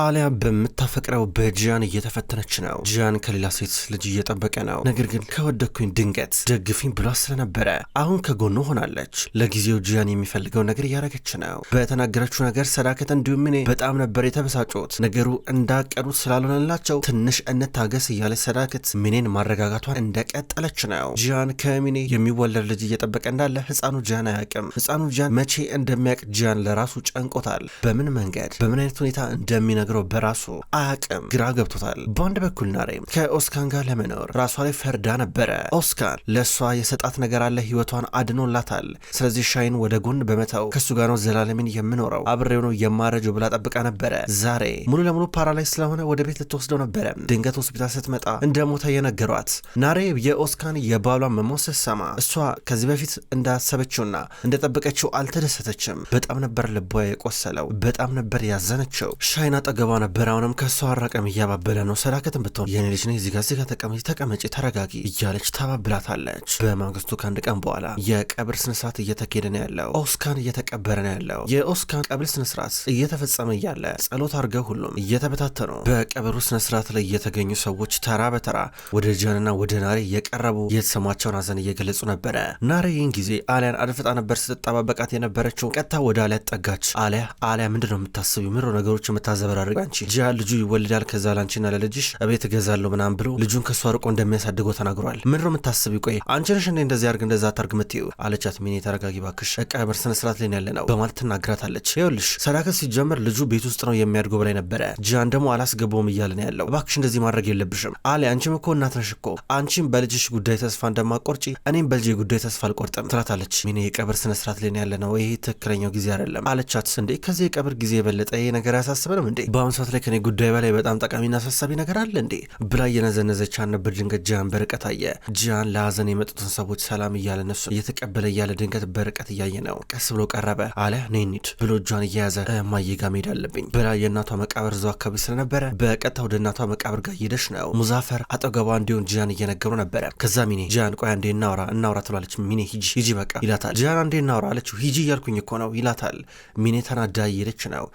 አሊያ በምታፈቅረው በጂያን እየተፈተነች ነው። ጂያን ከሌላ ሴት ልጅ እየጠበቀ ነው። ነገር ግን ከወደኩኝ ድንገት ደግፊኝ ብሏ ስለነበረ አሁን ከጎኑ ሆናለች። ለጊዜው ጂያን የሚፈልገው ነገር እያደረገች ነው። በተናገረችው ነገር ሰዳከት እንዲሁም እኔ በጣም ነበር የተበሳጩት። ነገሩ እንዳቀዱት ስላልሆነላቸው ትንሽ እንታገስ እያለ ሰዳከት ሚኔን ማረጋጋቷን እንደቀጠለች ነው። ጂያን ከሚኔ የሚወለድ ልጅ እየጠበቀ እንዳለ ህፃኑ ጂያን አያውቅም። ህፃኑ ጂያን መቼ እንደሚያውቅ ጂያን ለራሱ ጨንቆታል። በምን መንገድ በምን አይነት ሁኔታ እንደሚነ የሚነግረው በራሱ አቅም ግራ ገብቶታል። በአንድ በኩል ናሬም ከኦስካን ጋር ለመኖር ራሷ ላይ ፈርዳ ነበረ። ኦስካን ለእሷ የሰጣት ነገር አለ፣ ህይወቷን አድኖላታል። ስለዚህ ሻይን ወደ ጎን በመተው ከእሱ ጋር ነው ዘላለምን የምኖረው አብሬው ነው የማረጀው ብላ ጠብቃ ነበረ። ዛሬ ሙሉ ለሙሉ ፓራላይ ስለሆነ ወደ ቤት ልትወስደው ነበረ። ድንገት ሆስፒታል ስትመጣ እንደ ሞተ የነገሯት ናሬ የኦስካን የባሏን መሞት ስትሰማ እሷ ከዚህ በፊት እንዳሰበችውና እንደጠበቀችው አልተደሰተችም። በጣም ነበር ልቧ የቆሰለው፣ በጣም ነበር ያዘነችው። ሻይና አጠገቧ ነበር። አሁንም ከሷ አራቀም እያባበለ ነው። ሰዳከትን ብትሆን የኔ ልጅ ነኝ እዚጋ እዚጋ ተቀመጭ ተቀመጪ ተረጋጊ እያለች ታባብላታለች። በማግስቱ ከአንድ ቀን በኋላ የቀብር ስነስርዓት እየተካሄደ ነው ያለው። ኦስካን እየተቀበረ ነው ያለው። የኦስካን ቀብር ስነስርዓት እየተፈጸመ እያለ ጸሎት አድርገው ሁሉም እየተበታተኑ በቀብሩ ስነስርዓት ላይ እየተገኙ ሰዎች ተራ በተራ ወደ ጃንና ወደ ናሬ እየቀረቡ የተሰማቸውን ሀዘን እየገለጹ ነበረ። ናሬ ይህን ጊዜ አሊያን አድፍጣ ነበር ስትጠባበቃት የነበረችው። ቀጥታ ወደ አሊያ ጠጋች። አሊያ አሊያ ምንድነው የምታስብ? የምሮ ነገሮች የምታዘበራ ስታፈራርቅ አንቺ ጂሃን ልጁ ይወልዳል ከዛ ላንቺና ለልጅሽ እቤት እገዛለሁ ምናምን ብሎ ልጁን ከእሱ አርቆ እንደሚያሳድገው ተናግሯል። ምንሮ የምታስብ ቆይ አንቺ ነሽ እንዴ እንደዚህ አርግ እንደዛ ታርግ ምትዩ አለቻት። ሚኒ። ተረጋጊ ባክሽ እቃ ምር ስነ ስርዓት ላይ ያለ ነው በማለት ትናግራታለች። ይኸውልሽ ሰዳከት ሲጀምር ልጁ ቤት ውስጥ ነው የሚያድገው በላይ ነበረ። ጂሃን ደግሞ አላስገባውም እያለ ነው ያለው። ባክሽ እንደዚህ ማድረግ የለብሽም አለ። አንቺም እኮ እናት ነሽ እኮ አንቺም በልጅሽ ጉዳይ ተስፋ እንደማቆርጪ እኔም በልጄ ጉዳይ ተስፋ አልቆርጥም ትላታለች። ሚኒ። የቀብር ስነ ስርዓት ላይ ያለ ነው ይሄ ትክክለኛው ጊዜ አይደለም አለቻት። እንዴ ከዚህ የቀብር ጊዜ የበለጠ ይሄ ነገር አያሳስበንም እንዴ በአሁኑ ሰዓት ላይ ከኔ ጉዳይ በላይ በጣም ጠቃሚና አሳሳቢ ነገር አለ እንዴ ብላ እየነዘነዘች ነበር። ድንገት ጂያን በርቀት አየ። ጂያን ለሀዘን የመጡትን ሰዎች ሰላም እያለ ነፍሱ እየተቀበለ እያለ ድንገት በርቀት እያየ ነው። ቀስ ብሎ ቀረበ። አለ ኔኒድ ብሎ እጇን እየያዘ እማዬ ጋ መሄድ አለብኝ ብላ የእናቷ መቃብር እዛው አካባቢ ስለነበረ በቀጥታ ወደ እናቷ መቃብር ጋር እየሄደች ነው። ሙዛፈር አጠገቧ እንዲሆን ጂያን እየነገሩ ነበረ። ከዛ ሚኔ ጂያን ቆይ አንዴ እናውራ እናውራ ትሏለች። ሚኔ ሂጂ ሂጂ በቃ ይላታል። ጂያን አንዴ እናውራ አለችው። ሂጂ እያልኩኝ እኮ ነው ይላታል። ሚኔ ተናዳ እየሄደች ነው።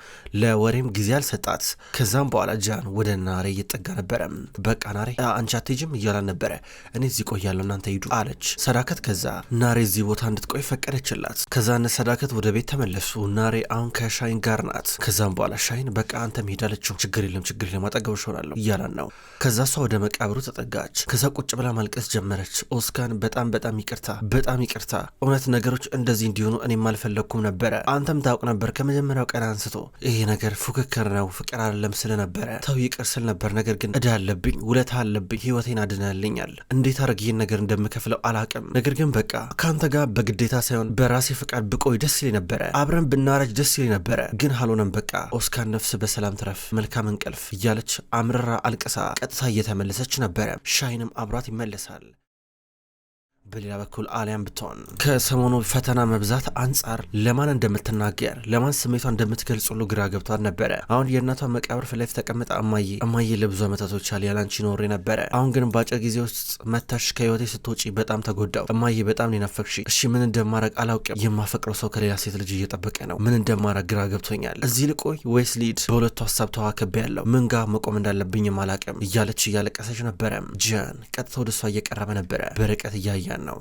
ለወሬም ጊዜ አልሰ ሰጣት። ከዛም በኋላ ጃን ወደ ናሬ እየጠጋ ነበረ። በቃ ናሬ አንቺ አትሄጂም እያላን ነበረ። እኔ እዚህ ቆያለሁ እናንተ ሂዱ አለች ሰዳከት። ከዛ ናሬ እዚህ ቦታ እንድትቆይ ፈቀደችላት። ከዛ እነ ሰዳከት ወደ ቤት ተመለሱ። ናሬ አሁን ከሻይን ጋር ናት። ከዛም በኋላ ሻይን በቃ አንተ መሄድ አለችው። ችግር የለም ችግር የለም አጠገብሽ እሆናለሁ እያላን ነው። ከዛ እሷ ወደ መቃብሩ ተጠጋች። ከዛ ቁጭ ብላ ማልቀስ ጀመረች። ኦስካን በጣም በጣም ይቅርታ በጣም ይቅርታ፣ እውነት ነገሮች እንደዚህ እንዲሆኑ እኔም አልፈለግኩም ነበረ። አንተም ታውቅ ነበር ከመጀመሪያው ቀን አንስቶ ይሄ ነገር ፉክክር ነው ያው ፍቅር አይደለም ስለነበረ ተው ይቅር ስል ነበር። ነገር ግን እዳ አለብኝ፣ ውለታ አለብኝ፣ ህይወቴን አድናልኛል። እንዴት አድረግ ይህን ነገር እንደምከፍለው አላቅም። ነገር ግን በቃ ከአንተ ጋር በግዴታ ሳይሆን በራሴ ፍቃድ ብቆይ ደስ ይል ነበረ፣ አብረን ብናረጅ ደስ ይል ነበረ፣ ግን አልሆነም። በቃ ኦስካን ነፍስ በሰላም ትረፍ፣ መልካም እንቅልፍ እያለች አምርራ አልቅሳ ቀጥታ እየተመለሰች ነበረ። ሻይንም አብሯት ይመለሳል። በሌላ በኩል አሊያም ብትሆን ከሰሞኑ ፈተና መብዛት አንጻር ለማን እንደምትናገር ለማን ስሜቷ እንደምትገልጽ ሁሉ ግራ ገብቷት ነበረ። አሁን የእናቷ መቃብር ፊት ለፊት ተቀምጣ እማዬ እማዬ ለብዙ ዓመታቶች ያለ ያላንቺ ኖሬ ነበረ። አሁን ግን በአጭር ጊዜ ውስጥ መታሽ ከህይወቴ ስትወጪ በጣም ተጎዳው እማዬ፣ በጣም ናፈቅሽ። እሺ ምን እንደማረግ አላውቅም። የማፈቅረው ሰው ከሌላ ሴት ልጅ እየጠበቀ ነው። ምን እንደማረግ ግራ ገብቶኛል። እዚህ ልቆይ ወይስ ሊድ? በሁለቱ ሀሳብ ተዋክቤ ያለው ምን ጋር መቆም እንዳለብኝም አላቅም እያለች እያለቀሰች ነበረ። ጂያን ቀጥታ ወደ እሷ እየቀረበ ነበረ፣ በርቀት እያያ ማለት ነው።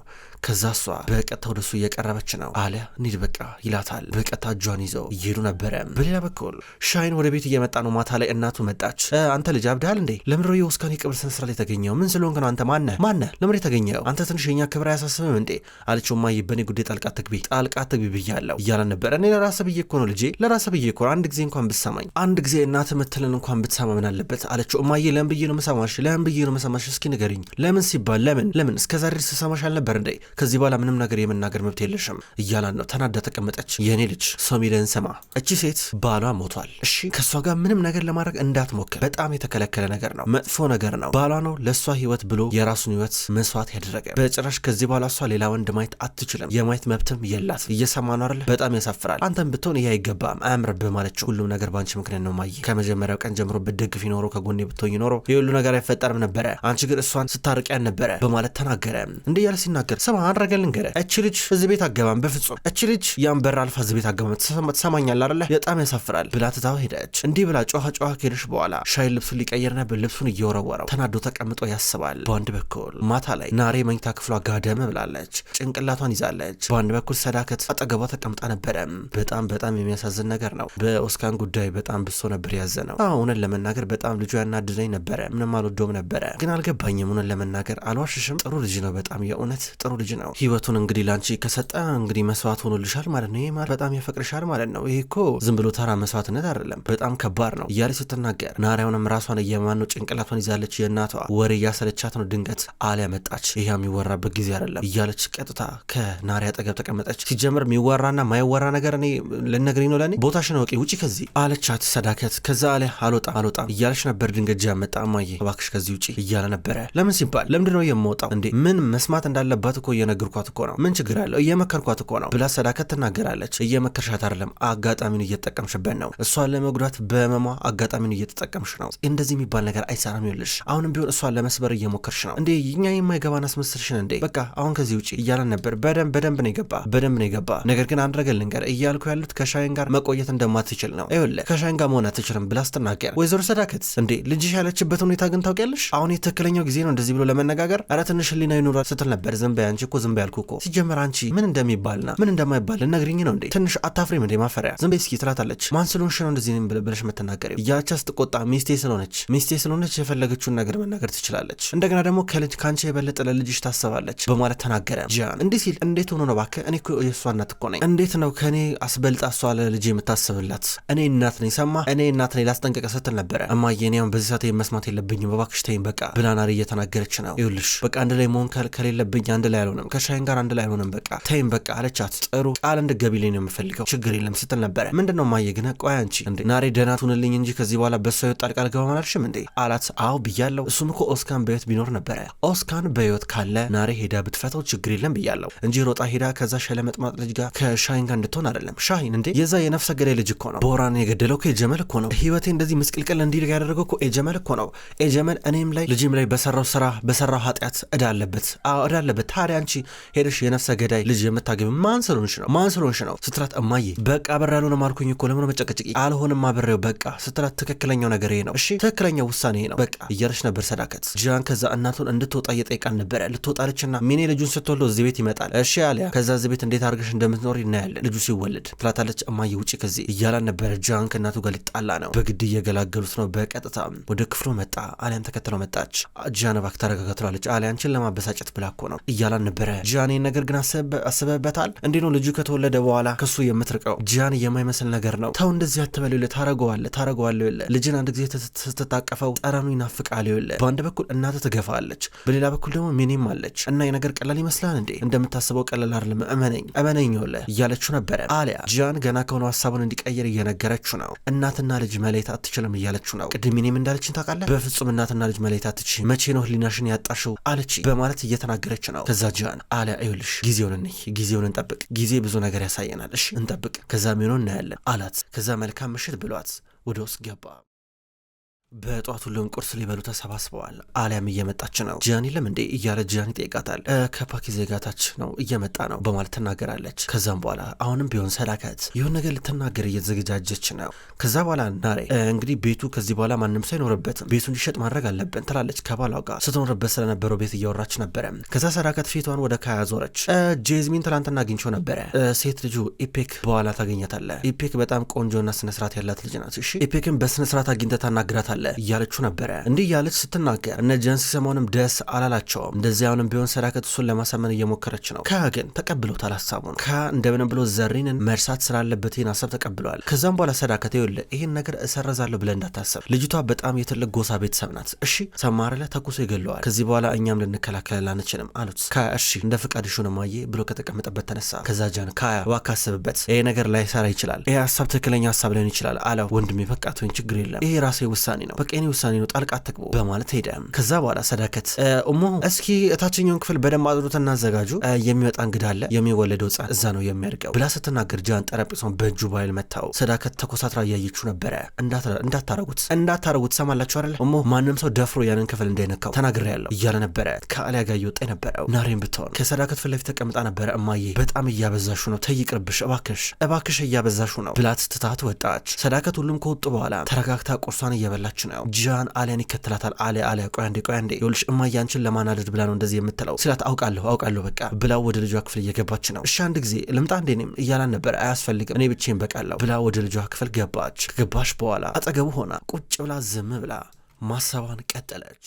ከዛ እሷ በቀጥታ ወደሱ እየቀረበች ነው። አሊያ እንሂድ በቃ ይላታል። በቀጥታ እጇን ይዘው እየሄዱ ነበረ። በሌላ በኩል ሻይን ወደ ቤት እየመጣ ነው። ማታ ላይ እናቱ መጣች። አንተ ልጅ አብድሃል እንዴ? ለምድሮ የውስካን የቅብር ስነ ስርዓት የተገኘው ምን ስለሆንክ ነው? አንተ ማነ ማነ? ለምድ የተገኘው አንተ ትንሽ የኛ ክብር አያሳስብም እንዴ? አለችው። ማ በእኔ ጉዳይ ጣልቃ ትግቢ፣ ጣልቃ ትግቢ ብያለሁ እያለ ነበረ። እኔ ለራሰ ብዬ እኮ ነው ልጄ፣ ለራሰ ብዬ እኮ አንድ ጊዜ እንኳን ብሰማኝ፣ አንድ ጊዜ እናት ምትልን እንኳን ብትሰማ ምን አለበት? አለችው። እማዬ ለምን ብዬ ነው መሰማሽ? ለምን ብዬ ነው መሰማሽ? እስኪ ንገሪኝ። ለምን ሲባል ለምን ለምን እስከዛሬ ስሰማሽ ነበር እንዴ? ከዚህ በኋላ ምንም ነገር የመናገር መብት የለሽም እያላን ነው። ተናዳ ተቀመጠች። የእኔ ልጅ ሰሚደን ስማ፣ እቺ ሴት ባሏ ሞቷል። እሺ ከእሷ ጋር ምንም ነገር ለማድረግ እንዳትሞክር። በጣም የተከለከለ ነገር ነው፣ መጥፎ ነገር ነው። ባሏ ነው ለእሷ ህይወት ብሎ የራሱን ህይወት መስዋዕት ያደረገ። በጭራሽ ከዚህ በኋላ እሷ ሌላ ወንድ ማየት አትችልም። የማየት መብትም የላት። እየሰማ ነው አይደል? በጣም ያሳፍራል። አንተም ብትሆን ይህ አይገባም፣ አያምርብህ ማለችው። ሁሉም ነገር በአንቺ ምክንያት ነው ማየ። ከመጀመሪያው ቀን ጀምሮ ብትደግፍ ይኖረው ከጎኔ ብትሆኝ ይኖረው የሁሉ ነገር አይፈጠርም ነበረ። አንቺ ግን እሷን ስታርቅ ነበረ በማለት ተናገረ። እንዲህ ነገር ሲናገር ስማ አንረገል ንገረ እቺ ልጅ እዚህ ቤት አገባም በፍጹም እቺ ልጅ ያን በር አልፋ እዚህ ቤት አገባም ትሰማኛል አለ በጣም ያሳፍራል ብላ ትታው ሄደች። እንዲህ ብላ ጮኸ ጮኸ ከሄደች በኋላ ሻይ ልብሱን ሊቀየር ነበር። ልብሱን እየወረወረው ተናዶ ተቀምጦ ያስባል። በአንድ በኩል ማታ ላይ ናሬ መኝታ ክፍሏ ጋደም ብላለች። ጭንቅላቷን ይዛለች። በአንድ በኩል ሰዳከት አጠገቧ ተቀምጣ ነበረ። በጣም በጣም የሚያሳዝን ነገር ነው። በኦስካን ጉዳይ በጣም ብሶ ነበር ያዘ ነው። እውነት ለመናገር በጣም ልጁ ያናድደኝ ነበረ። ምንም አልወደውም ነበረ፣ ግን አልገባኝም። እውነት ለመናገር አልዋሽሽም፣ ጥሩ ልጅ ነው በጣም የእውነት በእውነት ጥሩ ልጅ ነው። ህይወቱን እንግዲህ ላንቺ ከሰጠ እንግዲህ መስዋዕት ሆኖልሻል ማለት ነው። ይሄ በጣም ያፈቅርሻል ማለት ነው። ይሄ እኮ ዝም ብሎ ተራ መስዋዕትነት አይደለም፣ በጣም ከባድ ነው እያለች ስትናገር ናሪያውንም ራሷን እየማኑ ጭንቅላቷን ይዛለች። የእናቷ ወሬ እያሰለቻት ነው። ድንገት አሊያ መጣች። ይሄ የሚወራበት ጊዜ አይደለም እያለች ቀጥታ ከናሪያ አጠገብ ተቀመጠች። ሲጀምር የሚወራና ማይወራ ነገር እኔ ልነግሪኝ ነው ለእኔ ቦታሽን አውቂ ውጪ ከዚህ አለቻት ሰዳከት። ከዛ አሊያ አልወጣም አልወጣም እያለች ነበር። ድንገት ጃ መጣ። እማዬ እባክሽ ከዚህ ውጪ እያለ ነበረ። ለምን ሲባል ለምንድነው የማወጣው እንዴ ምን መስማት እንዳለባት እኮ እየነግርኳት እኮ ነው። ምን ችግር አለው? እየመከርኳት እኮ ነው ብላ ሰዳከት ትናገራለች። እየመከርሻት አይደለም፣ አጋጣሚን እየተጠቀምሽበት ነው። እሷን ለመጉዳት በመሟ አጋጣሚን እየተጠቀምሽ ነው። እንደዚህ የሚባል ነገር አይሰራም። ይኸውልሽ አሁንም ቢሆን እሷን ለመስበር እየሞከርሽ ነው እንዴ? እኛ የማይገባን አስመስልሽን እንዴ? በቃ አሁን ከዚህ ውጭ እያለን ነበር። በደንብ በደንብ ነው የገባ በደንብ ነው የገባ። ነገር ግን አንድ ነገር ልንገር እያልኩ ያሉት ከሻይን ጋር መቆየት እንደማትችል ነው። ይኸውልህ ከሻይን ጋር መሆን አትችልም ብላ ስትናገር፣ ወይዘሮ ሰዳከት እንዴ ልጅሽ ያለችበት ሁኔታ ግን ታውቂያለሽ? አሁን የትክክለኛው ጊዜ ነው እንደዚህ ብሎ ለመነጋገር። ኧረ ትንሽ ህሊና ይኑራል ስትል ነበር ነበር ዝም በይ አንቺ እኮ ዝም በይ ያልኩ እኮ ሲጀመር አንቺ ምን እንደሚባልና ምን እንደማይባል ልነግርኝ ነው እንዴ? ትንሽ አታፍሪም እንዴ? ማፈሪያ ዝም በይ እስኪ ትላታለች። ማን ስለሆንሽ ነው እንደዚህ ብለሽ የምትናገሪው? ያቻ ስትቆጣ ሚስቴ ስለሆነች ሚስቴ ስለሆነች የፈለገችውን ነገር መናገር ትችላለች። እንደገና ደግሞ ከልጅ ከአንቺ የበለጠ ለልጅሽ ታሰባለች በማለት ተናገረ። ጂያን እንዲህ ሲል እንዴት ሆኖ ነው እባክህ፣ እኔ የእሷ እናት እኮ ነኝ። እንዴት ነው ከእኔ አስበልጣ እሷ ለልጅ የምታስብላት? እኔ እናት ነኝ ሰማ፣ እኔ እናት ነኝ ላስጠንቀቀ ስትል ነበረ። እማዬ እኔ አሁን በዚህ ሰዓት መስማት የለብኝም እባክሽ ተይኝ በቃ ብላ እየተናገረች ነው። ይኸውልሽ በቃ አንድ ላይ መሆን ከሌለብ አለብኝ አንድ ላይ አልሆነም፣ ከሻይን ጋር አንድ ላይ አልሆነም፣ በቃ ተይም በቃ አለቻት። ጥሩ ቃል እንድገቢልኝ ነው የምፈልገው፣ ችግር የለም ስትል ነበረ። ምንድን ነው ማየ ግን ቆይ አንቺ እንዴ ናሬ ደህና ትሁንልኝ እንጂ ከዚህ በኋላ በሷ የወጣ ቃል ገባ ማላልሽም እንዴ አላት። አዎ ብያለሁ። እሱም እኮ ኦስካን በህይወት ቢኖር ነበረ። ኦስካን በህይወት ካለ ናሬ ሄዳ ብትፈተው ችግር የለም ብያለሁ እንጂ ሮጣ ሄዳ ከዛ ሸለመጥማጥ ልጅ ጋር ከሻይን ጋር እንድትሆን አይደለም። ሻይን እንዴ የዛ የነፍሰ ገዳይ ልጅ እኮ ነው። ቦራን የገደለው እኮ የጀመል እኮ ነው። ህይወቴ እንደዚህ ምስቅልቅል እንዲል ያደረገው እኮ ኤጀመል እኮ ነው። ኤጀመል እኔም ላይ ልጅም ላይ በሰራው ስራ በሰራው ኃጢአት እዳ አለበት እዳ መውሰድ አለበት። ታዲያ አንቺ ሄደሽ የነፍሰ ገዳይ ልጅ የምታገቢ ማን ስለሆንሽ ነው? ማን ስለሆንሽ ነው ስትላት፣ እማዬ በቃ በራ ያልሆነ አልኩኝ እኮ ለምን መጨቀጭቂ አልሆነም አብሬው በቃ ስትላት፣ ትክክለኛው ነገር ይሄ ነው እሺ፣ ትክክለኛው ውሳኔ ይሄ ነው በቃ እያለች ነበር ሰዳከት። ጃን ከዛ እናቱን እንድትወጣ እየጠየቃን ነበረ። ልትወጣለችና ሚኔ ልጁን ስትወልደው እዚህ ቤት ይመጣል እሺ አሊያ፣ ከዛ እዚህ ቤት እንዴት አድርገሽ እንደምትኖር ይናያለን ልጁ ሲወለድ ትላታለች። እማዬ ውጪ ከዚህ እያላን ነበረ። ጃን ከእናቱ ጋር ሊጣላ ነው። በግድ እየገላገሉት ነው። በቀጥታ ወደ ክፍሉ መጣ። አሊያን ተከትለው መጣች። ጃን እባክህ ተረጋጋ ትላለች። አሊያ አንቺን ለማበሳጨት ብላ እኮ ነው እያላን ነበረ ጃኒ። ነገር ግን አስበበታል። እንዴ ነው ልጁ ከተወለደ በኋላ ከሱ የምትርቀው ጃኒ? የማይመስል ነገር ነው። ተው እንደዚህ አትበል ይለ ታረገዋለ ታረገዋለ ይለ ልጅን አንድ ጊዜ ስትታቀፈው ጠረኑ ይናፍቃል ይለ በአንድ በኩል እናተ ትገፋለች፣ በሌላ በኩል ደግሞ ሚኒም አለች እና የነገር ቀላል ይመስላል እንዴ? እንደምታስበው ቀላል አይደለም። እመነኝ እመነኝ ይለ እያለችው ነበረ። አሊያ ጃን ገና ከሆነ ሀሳቡን እንዲቀየር እየነገረችው ነው። እናትና ልጅ መለየት አትችልም እያለችው ነው። ቅድም ሚኒም እንዳለችን ታውቃለህ፣ በፍጹም እናትና ልጅ መለየት አትችል። መቼ ነው ህሊናሽን ያጣሽው? አለች በማለት እየተናገረች እየተናገረች ነው። ከዛ ጂያን አለ ይኸውልሽ ጊዜውን እንይ፣ ጊዜውን እንጠብቅ። ጊዜ ብዙ ነገር ያሳየናል። እሺ እንጠብቅ፣ ከዛ ሚሆን እናያለን አላት። ከዛ መልካም ምሽት ብሏት ወደ ውስጥ ገባ። በጠዋት ሁሉም ቁርስ ሊበሉ ተሰባስበዋል። አሊያም እየመጣች ነው ጃኒ ለም እንዴ እያለ ጃኒ ጠይቃታል። ከፓኪ ዜጋታች ነው እየመጣ ነው በማለት ትናገራለች። ከዛም በኋላ አሁንም ቢሆን ሰዳከት ይሁን ነገር ልትናገር እየተዘገጃጀች ነው። ከዛ በኋላ ናሬ እንግዲህ ቤቱ ከዚህ በኋላ ማንም ሰው አይኖርበትም፣ ቤቱ እንዲሸጥ ማድረግ አለብን ትላለች። ከባሏ ጋር ስትኖርበት ስለነበረው ቤት እያወራች ነበረ። ከዛ ሰዳከት ፊቷን ወደ ካያ ዞረች። ጄዝሚን ትላንትና አግኝቸው ነበረ። ሴት ልጁ ኢፔክ በኋላ ታገኛታለ። ኢፔክ በጣም ቆንጆና ስነስርዓት ያላት ልጅ ናት። እሺ ኢፔክን በስነስርዓት አግኝተ ታናግራታል ታደርጋታለህ እያለችው ነበረ። እንዲህ እያለች ስትናገር እነ ጀንስ ሰሞንም ደስ አላላቸውም። እንደዚህ አሁንም ቢሆን ሰዳከት እሱን ለማሳመን እየሞከረች ነው። ከ ግን ተቀብሎታል ሀሳቡን። ከ እንደምንም ብሎ ዘሪንን መርሳት ስላለበት ይህን ሀሳብ ተቀብለዋል። ከዛም በኋላ ሰዳከት ይወለ ይህን ነገር እሰረዛለሁ ብለ እንዳታሰብ፣ ልጅቷ በጣም የትልቅ ጎሳ ቤተሰብ ናት። እሺ ሰማረለ ተኩሶ ይገለዋል። ከዚህ በኋላ እኛም ልንከላከል አንችልም አሉት። እሺ እንደ ፍቃድ ሹን ማየ ብሎ ከተቀመጠበት ተነሳ። ከዛ ጃን ካያ እባክህ አስብበት፣ ይሄ ነገር ላይሰራ ይችላል፣ ይሄ ሀሳብ ትክክለኛ ሀሳብ ላይሆን ይችላል አለ። ወንድም በቃ ተወኝ፣ ችግር የለም ይሄ ራሴ ውሳኔ ውሳኔ ነው፣ በቃ የኔ ውሳኔ ነው፣ ጣልቃ አትግቡ በማለት ሄደ። ከዛ በኋላ ሰዳከት እሞ እስኪ እታችኛውን ክፍል በደንብ አድሩት እናዘጋጁ፣ የሚወጣ እንግዳ አለ፣ የሚወለደው ህፃን እዛ ነው የሚያድገው ብላ ስትናገር ጃን ጠረጴዛውን በእጁ ባይል መታው። ሰዳከት ተኮሳትራ እያየችው ነበረ። እንዳታረጉት እንዳታረጉት ትሰማላችሁ አለ እሞ ማንም ሰው ደፍሮ ያንን ክፍል እንዳይነካው ተናግሬ ያለው እያለ ነበረ። ከአሊያ ጋር እየወጣ ነበረው። ናሬን ብትሆን ከሰዳከት ፊት ለፊት ተቀምጣ ነበረ። እማዬ በጣም እያበዛሹ ነው፣ ተይቅርብሽ እባክሽ እባክሽ እያበዛሹ ነው ብላት ትታት ወጣች። ሰዳከት ሁሉም ከወጡ በኋላ ተረጋግታ ቁርሷን እየበላች እየተናገረች ነው። ጃን አሊያን ይከተላታል። አሊያ አሊያ፣ ቆይ አንዴ ቆይ አንዴ፣ ይኸውልሽ እማዬ አንቺን ለማናደድ ብላ ነው እንደዚህ የምትለው ስላት፣ አውቃለሁ አውቃለሁ በቃ ብላ ወደ ልጇ ክፍል እየገባች ነው። እሺ አንድ ጊዜ ልምጣ እንዴ እኔም እያላን ነበር። አያስፈልግም እኔ ብቼን በቃለሁ ብላ ወደ ልጇ ክፍል ገባች። ከገባች በኋላ አጠገቡ ሆና ቁጭ ብላ ዝም ብላ ማሰቧን ቀጠለች።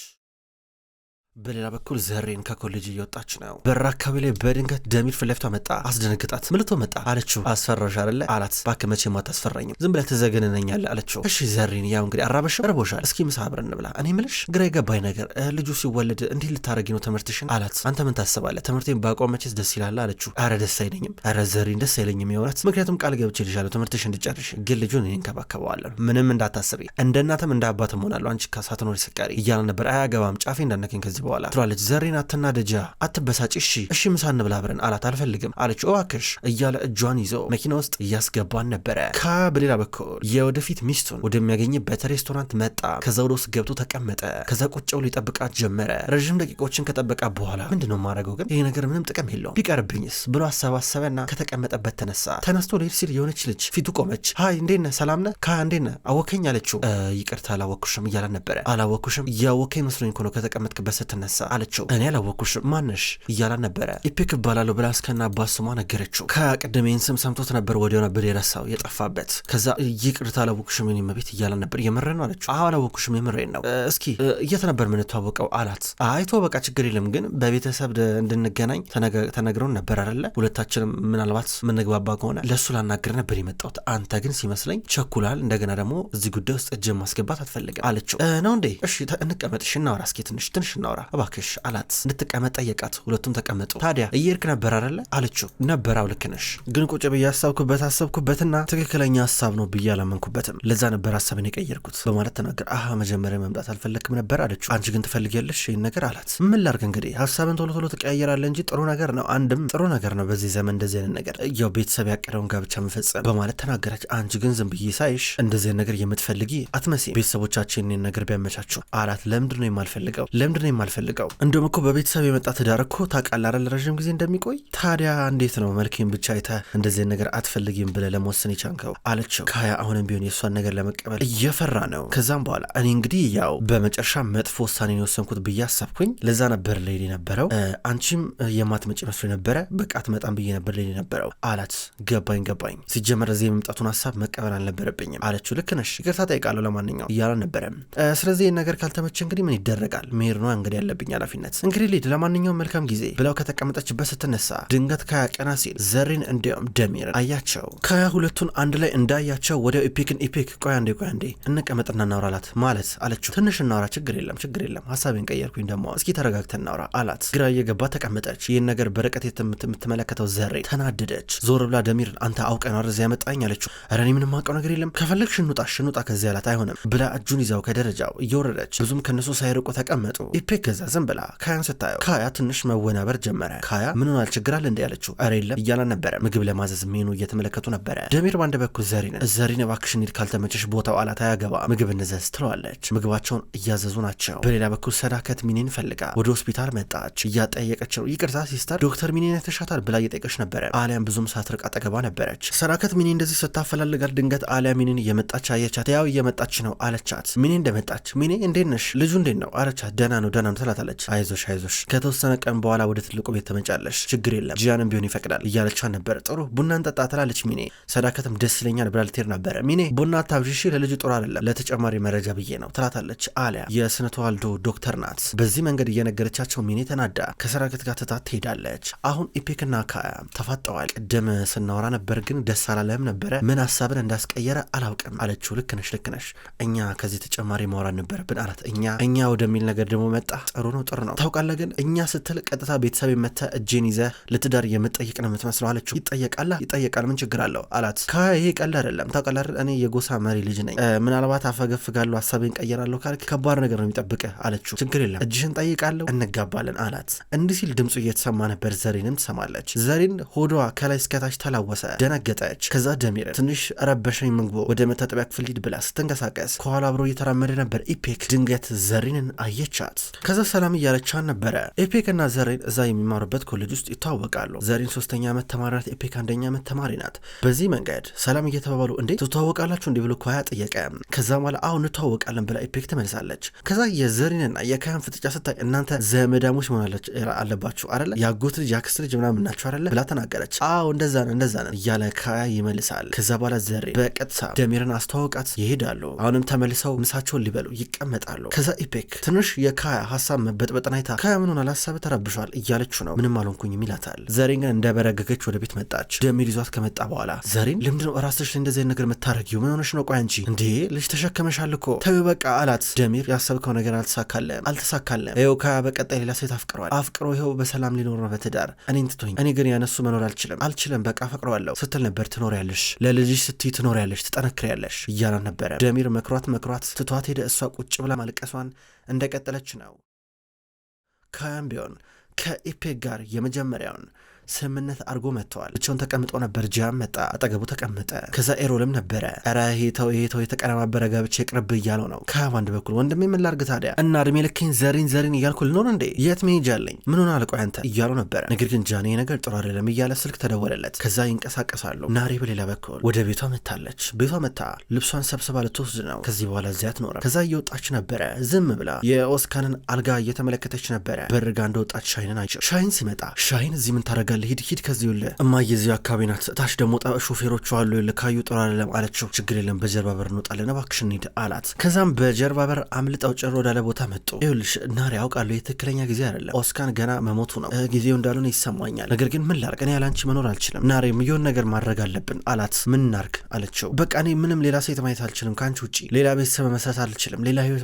በሌላ በኩል ዘሬን ከኮሌጅ እየወጣች ነው። በር አካባቢ ላይ በድንገት ደሚር ፊት ለፊቷ መጣ። አስደነግጣት ምልቶ መጣ አለችው። አስፈራሽ አለ አላት። እባክህ መቼም አታስፈራኝም ዝም ብለህ ትዘገንነኛለህ አለችው። እሺ ዘሬን፣ ያው እንግዲህ አራበሽ እርቦሻል፣ እስኪ ምሳ አብረን እንብላ። እኔ ምልሽ ግራ የገባኝ ነገር ልጁ ሲወለድ እንዲህ ልታደረጊ ነው ትምህርትሽን አላት። አንተ ምን ታስባለህ? ትምህርቴን ባቆም መቼስ ደስ ይላል አለችው። አረ ደስ አይለኝም፣ አረ ዘሬን ደስ አይለኝም የሆነት ምክንያቱም ቃል ገብቼ ልሻለሁ ትምህርትሽ እንድጨርሽ፣ ግን ልጁን እኔ እንከባከበዋለሁ፣ ምንም እንዳታስቢ፣ እንደ እናትም እንደ አባትም ሆናለሁ አንቺ ከሳትኖር ስቀሪ እያለ ነበር። አያገባም ጫፌ እንዳነከኝ ከዚህ በኋላ ትሏለች። ዘሬን አትናደጃ፣ አትበሳጭ፣ እሺ እሺ፣ ምሳ እንብላ ብረን አላት። አልፈልግም አለች። እባክሽ እያለ እጇን ይዘው መኪና ውስጥ እያስገባን ነበረ። ካ በሌላ በኩል የወደፊት ሚስቱን ወደሚያገኝበት ሬስቶራንት መጣ። ከዛ ወደ ውስጥ ገብቶ ተቀመጠ። ከዛ ቁጭ ብሎ ይጠብቃት ጀመረ። ረዥም ደቂቃዎችን ከጠበቃ በኋላ ምንድነው የማደርገው ግን ይህ ነገር ምንም ጥቅም የለውም ቢቀርብኝስ ብሎ አሰባሰበና ከተቀመጠበት ተነሳ። ተነስቶ ሌድ ሲል የሆነች ልጅ ፊቱ ቆመች። ሀይ እንዴነ ሰላም ነ ካ እንዴነ አወከኝ አለችው። ይቅርታ አላወኩሽም እያላን ነበረ። አላወኩሽም እያወከኝ መስሎኝ ከሆነ ከተቀመጥክበት ትነሳ አለችው። እኔ ያላወኩሽ ማነሽ እያላን ነበረ። ኢፔክ እባላለሁ ብላ እስከና አባት ስሟ ነገረችው። ከቅድሜን ስም ሰምቶት ነበር ወዲያው ነበር የረሳው የጠፋበት። ከዛ ይቅርታ አላወኩሽ ምን መቤት እያላን ነበር። የምሬን ነው አለችው። አዎ አላወኩሽም የምሬን ነው። እስኪ እየት ነበር የምንተዋወቀው አላት። አይቶ በቃ ችግር የለም ግን በቤተሰብ እንድንገናኝ ተነግረውን ነበር አለ። ሁለታችንም ምናልባት ምንግባባ ከሆነ ለእሱ ላናግር ነበር የመጣሁት። አንተ ግን ሲመስለኝ ቸኩላል። እንደገና ደግሞ እዚህ ጉዳይ ውስጥ እጅ ማስገባት አትፈልግም አለችው። ነው እንዴ? እሺ እንቀመጥሽ፣ እናወራ እስኪ ትንሽ ትንሽ እናወራ አታውራ እባክሽ አላት። እንድትቀመጥ ጠየቃት። ሁለቱም ተቀመጡ። ታዲያ እየሄድክ ነበር አለ አለችው። ነበራው ልክ ነሽ፣ ግን ቁጭ ብዬ አሳብኩበት አሰብኩበትና ትክክለኛ ሀሳብ ነው ብዬ አላመንኩበትም። ለዛ ነበር ሀሳብን የቀየርኩት በማለት ተናገር። አሀ መጀመሪያ መምጣት አልፈለክም ነበር አለችው። አንቺ ግን ትፈልጊያለሽ ይህን ነገር አላት። ምን እንግዲህ ሀሳብን ቶሎ ቶሎ ትቀያየራለ እንጂ ጥሩ ነገር ነው፣ አንድም ጥሩ ነገር ነው በዚህ ዘመን እንደዚህ አይነት ነገር ያው ቤተሰብ ያቀደውን ጋብቻ መፈጸም በማለት ተናገረች። አንቺ ግን ዝም ብዬ ሳይሽ እንደዚህ ነገር የምትፈልጊ አትመሲ። ቤተሰቦቻችን ነገር ቢያመቻችሁ አላት። ለምንድን ነው የማልፈልገው ለምንድን ነው የማልፈልገው። እንደውም እኮ በቤተሰብ የመጣ ትዳር እኮ ታውቃለህ አይደል ረዥም ጊዜ እንደሚቆይ። ታዲያ እንዴት ነው መልኬን ብቻ አይተህ እንደዚህ ነገር አትፈልጊም ብለህ ለመወሰን የቻንከው? አለችው። ካያ አሁንም ቢሆን የእሷን ነገር ለመቀበል እየፈራ ነው። ከዛም በኋላ እኔ እንግዲህ ያው በመጨረሻ መጥፎ ውሳኔን የወሰንኩት ብዬ አሰብኩኝ። ለዛ ነበር ሌሊ ነበረው አንቺም የማትመጪ መስሎ ነበረ። በቃ አትመጣም ብዬ ነበር ሌሊ ነበረው አላት። ገባኝ ገባኝ። ሲጀመር እዚህ የመምጣቱን ሀሳብ መቀበል አልነበረብኝም አለችው። ልክ ነሽ፣ ይቅርታ ጠይቃለሁ ለማንኛውም እያለ ነበረም። ስለዚህ ይህን ነገር ካልተመቸ እንግዲህ ምን ይደረጋል መሄድ ነው እንግዲህ ያለብኝ ኃላፊነት እንግዲህ ሊድ ለማንኛውም መልካም ጊዜ ብለው ከተቀመጠችበት ስትነሳ ድንገት ካያ ቀና ሲል ዘሪን እንዲሁም ደሚርን አያቸው። ካያ ሁለቱን አንድ ላይ እንዳያቸው ወደ ኢፒክን ኢፒክ ቆያ እንዴ ቆያ እንዴ እንቀመጥና እናውራላት ማለት አለችው። ትንሽ እናውራ፣ ችግር የለም ችግር የለም ሀሳቤን ቀየርኩኝ ደሞ እስኪ ተረጋግተን እናውራ አላት። ግራ እየገባ ተቀመጠች። ይህን ነገር በርቀት የምትመለከተው ዘሬን ተናደደች። ዞር ብላ ደሚርን አንተ አውቀ ነው ያመጣኝ አለችው። ኧረ እኔ ምንም አውቀው ነገር የለም ከፈለግሽ እንውጣ እንውጣ ከዚህ አላት። አይሆንም ብላ እጁን ይዛው ከደረጃው እየወረደች ብዙም ከነሱ ሳይርቁ ተቀመጡ። ኢፒክ ከዛ ዝም ብላ ካያን ስታየው ካያ ትንሽ መወናበር ጀመረ። ካያ ምን ሆናል ችግር አለ እንዲ ያለችው፣ አረ የለም እያላ ነበረ። ምግብ ለማዘዝ ሜኑ እየተመለከቱ ነበረ። ደሚር ባንድ በኩል ዘሪን ዘሪን እባክሽ እንሂድ ካልተመቸሽ ቦታው አላት አያገባ ምግብ እንዘዝ ትለዋለች። ምግባቸውን እያዘዙ ናቸው። በሌላ በኩል ሰዳከት ሚኔን ፈልጋ ወደ ሆስፒታል መጣች። እያጠየቀች ነው። ይቅርታ ሲስተር ዶክተር ሚኔን ያተሻታል ብላ እየጠየቀች ነበረ። አሊያም ብዙም ሳትርቅ አጠገባ ነበረች። ሰዳከት ሚኔ እንደዚህ ስታፈላልጋል፣ ድንገት አሊያ ሚኔን እየመጣች አየቻት። ያው እየመጣች ነው አለቻት። ሚኔ እንደመጣች ሚኔ እንዴት ነሽ ልጁ እንዴት ነው አለቻት። ደህና ነው ደህና ነው ትላታለች። አይዞሽ አይዞሽ፣ ከተወሰነ ቀን በኋላ ወደ ትልቁ ቤት ተመጫለሽ፣ ችግር የለም ጂያንም ቢሆን ይፈቅዳል እያለች ነበር። ጥሩ ቡና እንጠጣ ትላለች ሚኔ። ሰዳከትም ደስ ይለኛል ብላ ልትሄድ ነበረ። ሚኔ ቡና አታብዥሽ፣ ለልጁ ጥሩ አይደለም፣ ለተጨማሪ መረጃ ብዬ ነው ትላታለች። አሊያ የስነ ተዋልዶ ዶክተር ናት። በዚህ መንገድ እየነገረቻቸው ሚኔ ተናዳ ከሰዳከት ጋር ትታት ትሄዳለች። አሁን ኢፔክና ካያ ተፋጠዋል። ቅድም ስናወራ ነበር ግን ደስ አላለም ነበረ። ምን ሀሳብን እንዳስቀየረ አላውቅም አለችው። ልክ ነሽ ልክ ነሽ፣ እኛ ከዚህ ተጨማሪ ማውራት ነበረብን አላት። እኛ እኛ ወደሚል ነገር ደግሞ መጣ ጥሩ ነው ጥሩ ነው። ታውቃለህ ግን እኛ ስትል ቀጥታ ቤተሰብ የመተ እጄን ይዘ ለትዳር የምጠይቅ ነው የምትመስለው አለችው። ይጠየቃለ ይጠየቃል፣ ምን ችግር አለው አላት። ከይሄ ቀላል አይደለም ታውቃለህ አይደል እኔ የጎሳ መሪ ልጅ ነኝ። ምናልባት አፈገፍጋለሁ፣ ሀሳቤን ቀየራለሁ ካልክ ከባድ ነገር ነው የሚጠብቅህ አለችው። ችግር የለም እጅሽን ጠይቃለሁ፣ እንጋባለን አላት። እንዲህ ሲል ድምፁ እየተሰማ ነበር። ዘሬንም ትሰማለች። ዘሬን ሆዷ ከላይ እስከታች ተላወሰ፣ ደነገጠች። ከዛ ደሚረ ትንሽ ረበሸኝ ምግቦ ወደ መታጠቢያ ክፍል ሂድ ብላ ስትንቀሳቀስ ከኋላ አብሮ እየተራመደ ነበር ኢፔክ። ድንገት ዘሬንን አየቻት። ከዛ ከዛ ሰላም እያለቻን ነበረ። ኤፔክ እና ዘሬን እዛ የሚማሩበት ኮሌጅ ውስጥ ይተዋወቃሉ። ዘሬን ሶስተኛ ዓመት ተማሪ ናት፣ ኤፔክ አንደኛ ዓመት ተማሪ ናት። በዚህ መንገድ ሰላም እየተባባሉ እንዴ ትተዋወቃላችሁ እንዲህ ብሎ ካያ ጠየቀ። ከዛ በኋላ አሁን እንተዋወቃለን ብላ ኤፔክ ትመልሳለች። ከዛ የዘሬንና የካያን ፍጥጫ ስታይ እናንተ ዘመዳሞች መሆናለች አለባችሁ አለ የአጎት ልጅ የአክስት ልጅ ምናምን ናችሁ አለ ብላ ተናገረች። አዎ እንደዛ ነን እንደዛ ነን እያለ ካያ ይመልሳል። ከዛ በኋላ ዘሬ በቀጥታ ደሜርን አስተዋወቃት ይሄዳሉ። አሁንም ተመልሰው ምሳቸውን ሊበሉ ይቀመጣሉ። ከዛ ኤፔክ ትንሽ የካያ ሀሳብ መበጥበጥን አይታ ከምን ሆናል ሀሳብ ተረብሿል እያለችው ነው። ምንም አልሆንኩኝ ይላታል። ዘሬን ግን እንደበረገገች ወደ ቤት መጣች። ደሚል ይዟት ከመጣ በኋላ ዘሬን ልምድ ነው ራስሽ ላይ እንደዚህ ነገር የምታረጊው ምን ሆነሽ ነው? ቆይ አንቺ እንዴ ልጅ ተሸከመሻል እኮ ተይው በቃ አላት። ደሚር ያሰብከው ነገር አልተሳካለም አልተሳካለም። ይኸው ከያ በቀጣይ ሌላ ሴት አፍቅሯል አፍቅሮ ይኸው በሰላም ሊኖር ነው በትዳር እኔን ትቶኝ፣ እኔ ግን ያነሱ መኖር አልችልም አልችልም በቃ አፈቅረዋለሁ ስትል ነበር። ትኖሪያለሽ ለልጅሽ ስትይ ትኖሪያለሽ ትጠነክሪያለሽ እያላን ነበረ። ደሚር መክሯት መክሯት ትቷት ሄደ። እሷ ቁጭ ብላ ማልቀሷን እንደቀጠለች ነው። ከአምቢዮን ከኢፔክ ጋር የመጀመሪያውን ስምምነት አድርጎ መጥተዋል። ብቻውን ተቀምጦ ነበር። ጃም መጣ፣ አጠገቡ ተቀመጠ። ከዛ ኤሮልም ነበረ። ኧረ ሄተው ሄተው የተቀነባበረ ጋብቻ ይቅርብ እያለው ነው። ከሀብ አንድ በኩል ወንድሜ ምን ላርግ ታዲያ እና እድሜ ልኬን ዘሪን ዘሪን እያልኩ ልኖር እንዴ? የት መሄጃለኝ? ምን ሆነ አልቆ ያንተ እያለው ነበረ። ነገር ግን ጃኔ ነገር ጥሩ አይደለም እያለ ስልክ ተደወለለት። ከዛ ይንቀሳቀሳሉ። ናሬ በሌላ በኩል ወደ ቤቷ መታለች። ቤቷ መታ ልብሷን ሰብስባ ልትወስድ ነው። ከዚህ በኋላ እዚያ አትኖርም። ከዛ እየወጣች ነበረ። ዝም ብላ የኦስካንን አልጋ እየተመለከተች ነበረ። በርጋ እንደወጣች ሻይንን አየችው። ሻይን ሲመጣ ሻይን እዚህ ምን ታደርጋለህ ይሆናል። ሂድ ሂድ ከዚህ ይለ እማ የዚሁ አካባቢ ናት። ታች ደግሞ ሾፌሮቹ አሉ ይለ ጥሩ አይደለም አለችው። ችግር የለም በጀርባ በር እንወጣለን እባክሽን ሂድ አላት። ከዛም በጀርባ በር አምልጠው ጭር ወዳለ ቦታ መጡ። ይኸውልሽ ናሪ ያውቃሉ፣ የትክክለኛ ጊዜ አይደለም። ኦስካን ገና መሞቱ ነው። ጊዜው እንዳልሆነ ይሰማኛል። ነገር ግን ምን ላርቅ እኔ አንቺ መኖር አልችልም። ናሬ የሆን ነገር ማድረግ አለብን አላት። ምን ናርክ አለችው። በቃ እኔ ምንም ሌላ ሴት ማየት አልችልም ከአንቺ ውጭ ሌላ ቤተሰብ መስራት አልችልም። ሌላ ህይወት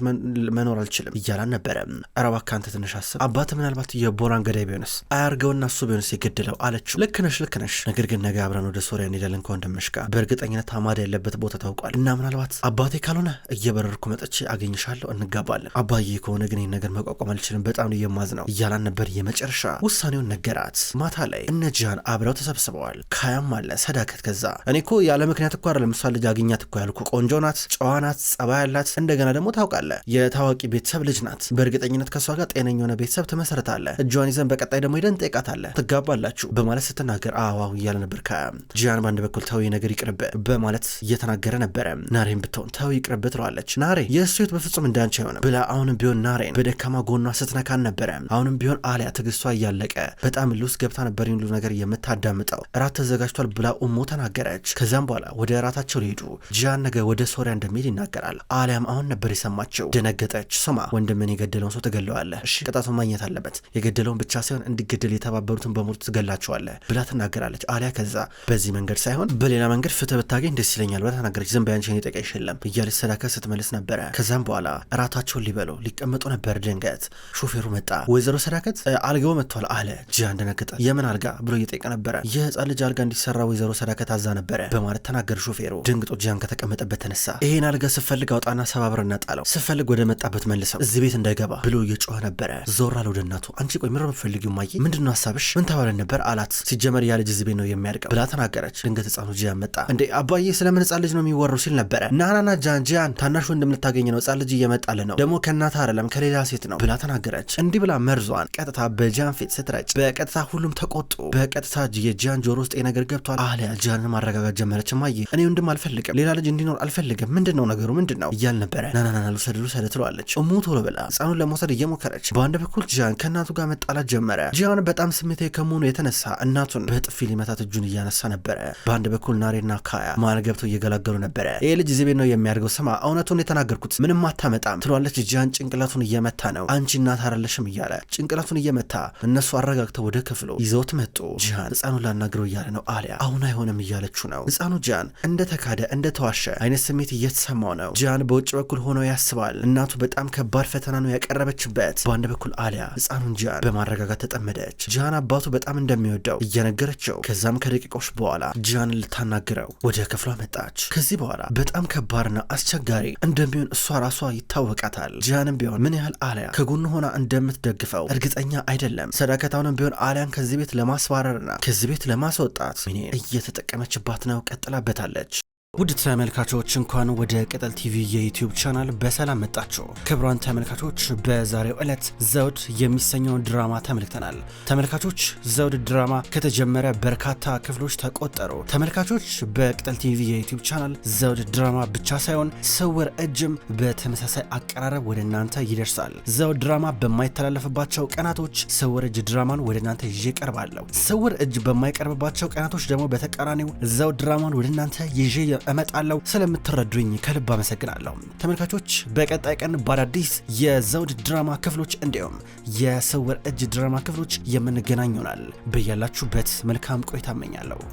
መኖር አልችልም እያላን ነበረ። ኧረ እባክህ አንተ ትንሽ አስብ። አባት ምናልባት የቦራን ገዳይ ቢሆንስ አያርገውና እሱ ቢሆንስ የገደለ ልገድለው አለችው። ልክነሽ ልክነሽ፣ ነገር ግን ነገ አብረን ወደ ሶሪያ እንሄዳለን ከወንድምሽ ጋር። በእርግጠኝነት ሐማድ ያለበት ቦታ ታውቋል እና ምናልባት አባቴ ካልሆነ እየበረርኩ መጥቼ አገኝሻለሁ፣ እንጋባለን። አባዬ ከሆነ ግን ይህን ነገር መቋቋም አልችልም፣ በጣም ነው የማዝ ነው እያላን ነበር። የመጨረሻ ውሳኔውን ነገራት። ማታ ላይ እነ ጂያን አብረው ተሰብስበዋል። ካያም አለ ሰዳከት። ከዛ እኔ እኮ ያለ ምክንያት እኮ አይደለም እሷ ልጅ አገኛት እኮ ያልኩ፣ ቆንጆ ናት፣ ጨዋ ናት፣ ጸባይ ያላት እንደገና ደግሞ ታውቃለ የታዋቂ ቤተሰብ ልጅ ናት። በእርግጠኝነት ከእሷ ጋር ጤነኛ የሆነ ቤተሰብ ትመሰረታለ። እጇን ይዘን በቀጣይ ደግሞ ሄደን እንጠይቃታለን፣ ትጋባላችሁ ያላችሁ በማለት ስትናገር አዋው እያለ ነበር። ከጂያን በአንድ በኩል ተው ነገር ይቅርብ በማለት እየተናገረ ነበረ። ናሬን ብትሆን ተው ይቅርብ ትለዋለች። ናሬ የሱት በፍጹም እንዳንቺ አይሆንም ብላ አሁንም ቢሆን ናሬን በደካማ ጎኗ ስትነካን ነበረ። አሁንም ቢሆን አሊያ ትግስቷ እያለቀ በጣም ልውስጥ ገብታ ነበር ይሁሉ ነገር የምታዳምጠው። እራት ተዘጋጅቷል ብላ ኡሞ ተናገረች። ከዚያም በኋላ ወደ እራታቸው ሊሄዱ ጂያን ነገ ወደ ሶሪያ እንደሚሄድ ይናገራል። አሊያም አሁን ነበር የሰማቸው፣ ደነገጠች። ስማ ወንድምን የገደለውን ሰው ትገለዋለህ። እሺ ቅጣቱን ማግኘት አለበት። የገደለውን ብቻ ሳይሆን እንዲገደል የተባበሩትን በሙሉ ትገላቸዋለህ ብላ ትናገራለች። አሊያ ከዛ በዚህ መንገድ ሳይሆን በሌላ መንገድ ፍትህ ብታገኝ ደስ ይለኛል ብላ ተናገረች። ዝም በያንችን የጠቃ ይሸለም እያለች ሰዳከ ስትመልስ ነበረ። ከዛም በኋላ እራታቸውን ሊበሉ ሊቀመጡ ነበር። ድንገት ሾፌሩ መጣ። ወይዘሮ ሰዳከት አልጋው መጥቷል አለ። ጂያን እንደነገጠ የምን አልጋ ብሎ እየጠየቀ ነበረ። የህፃን ልጅ አልጋ እንዲሰራ ወይዘሮ ሰዳከት አዛ ነበረ በማለት ተናገር። ሾፌሩ ደንግጦ ጂያን ከተቀመጠበት ተነሳ። ይሄን አልጋ ስፈልግ አውጣና ሰባብርና ጣለው፣ ስፈልግ ወደ መጣበት መልሰው፣ እዚህ ቤት እንዳይገባ ብሎ እየጮኸ ነበረ። ዞር አለ ወደ እናቱ። አንቺ ቆይ ምረ ፈልጊ ማየ ምንድነው ሀሳብሽ? ምን ተባለ ነበር አላት። ሲጀመር ያ ልጅ ዝቤ ነው የሚያድቀው ብላ ተናገረች። ድንገት ህፃኑ ጂያን መጣ። እንዴ አባዬ ስለምን ህፃን ልጅ ነው የሚወሩ ሲል ነበረ። ናናና ጃን ጂያን ታናሽ ወንድም ልታገኝ ነው ህፃን ልጅ እየመጣል ነው ደግሞ ከእናት አይደለም ከሌላ ሴት ነው ብላ ተናገረች። እንዲህ ብላ መርዟን ቀጥታ በጃን ፊት ስትረጭ በቀጥታ ሁሉም ተቆጡ። በቀጥታ የጂያን ጆሮ ውስጥ ነገር ገብቷል አለ። ጂያንን ማረጋጋት ጀመረች። ማየ እኔ ወንድም አልፈልግም፣ ሌላ ልጅ እንዲኖር አልፈልግም። ምንድን ነው ነገሩ ምንድን ነው እያል ነበረ። ናናና ልውሰድ ልውሰድ ትለዋለች። እሙ ቶሎ ብላ ህፃኑን ለመውሰድ እየሞከረች በአንድ በኩል ጂያን ከእናቱ ጋር መጣላት ጀመረ። ጂያን በጣም ስሜታዊ ከመሆኑ የተነሳ እናቱን በጥፊ ሊመታት እጁን እያነሳ ነበረ። በአንድ በኩል ናሬና ካያ ማል ገብተው እየገላገሉ ነበረ። ይህ ልጅ ዜ ነው የሚያደርገው። ስማ እውነቱን የተናገርኩት ምንም አታመጣም ትሏለች። ጂያን ጭንቅላቱን እየመታ ነው። አንቺ እናት አይደለሽም እያለ ጭንቅላቱን እየመታ እነሱ አረጋግተው ወደ ክፍሉ ይዘውት መጡ። ጂያን ህፃኑን ላናግረው እያለ ነው። አሊያ አሁን አይሆንም እያለችው ነው። ህፃኑ ጂያን እንደተካደ እንደተዋሸ አይነት ስሜት እየተሰማው ነው። ጂያን በውጭ በኩል ሆኖ ያስባል። እናቱ በጣም ከባድ ፈተና ነው ያቀረበችበት። በአንድ በኩል አሊያ ህፃኑን ጂያን በማረጋጋት ተጠመደች። ጂያን አባቱ በጣም እንደሚወደው እየነገረችው ከዛም ከደቂቃዎች በኋላ ጂያንን ልታናግረው ወደ ክፍሏ መጣች። ከዚህ በኋላ በጣም ከባድና አስቸጋሪ እንደሚሆን እሷ ራሷ ይታወቃታል። ጃንም ቢሆን ምን ያህል አሊያ ከጎኑ ሆና እንደምትደግፈው እርግጠኛ አይደለም። ሰዳከታውንም ቢሆን አሊያን ከዚህ ቤት ለማስባረርና ከዚህ ቤት ለማስወጣት ሚኔ እየተጠቀመችባት ነው። ቀጥላበታለች። ውድ ተመልካቾች እንኳን ወደ ቅጠል ቲቪ የዩቲዩብ ቻናል በሰላም መጣችሁ። ክቡራን ተመልካቾች በዛሬው ዕለት ዘውድ የሚሰኘውን ድራማ ተመልክተናል። ተመልካቾች ዘውድ ድራማ ከተጀመረ በርካታ ክፍሎች ተቆጠሩ። ተመልካቾች በቅጠል ቲቪ የዩቲዩብ ቻናል ዘውድ ድራማ ብቻ ሳይሆን ስውር እጅም በተመሳሳይ አቀራረብ ወደ እናንተ ይደርሳል። ዘውድ ድራማ በማይተላለፍባቸው ቀናቶች ስውር እጅ ድራማን ወደ እናንተ ይዤ እቀርባለሁ። ስውር እጅ በማይቀርብባቸው ቀናቶች ደግሞ በተቃራኒው ዘውድ ድራማን ወደ እናንተ ይዤ እመጣለሁ። ስለምትረዱኝ ከልብ አመሰግናለሁ። ተመልካቾች በቀጣይ ቀን በአዳዲስ የዘውድ ድራማ ክፍሎች እንዲሁም የስውር እጅ ድራማ ክፍሎች የምንገናኝ ይሆናል። በያላችሁበት መልካም ቆይታ እመኛለሁ።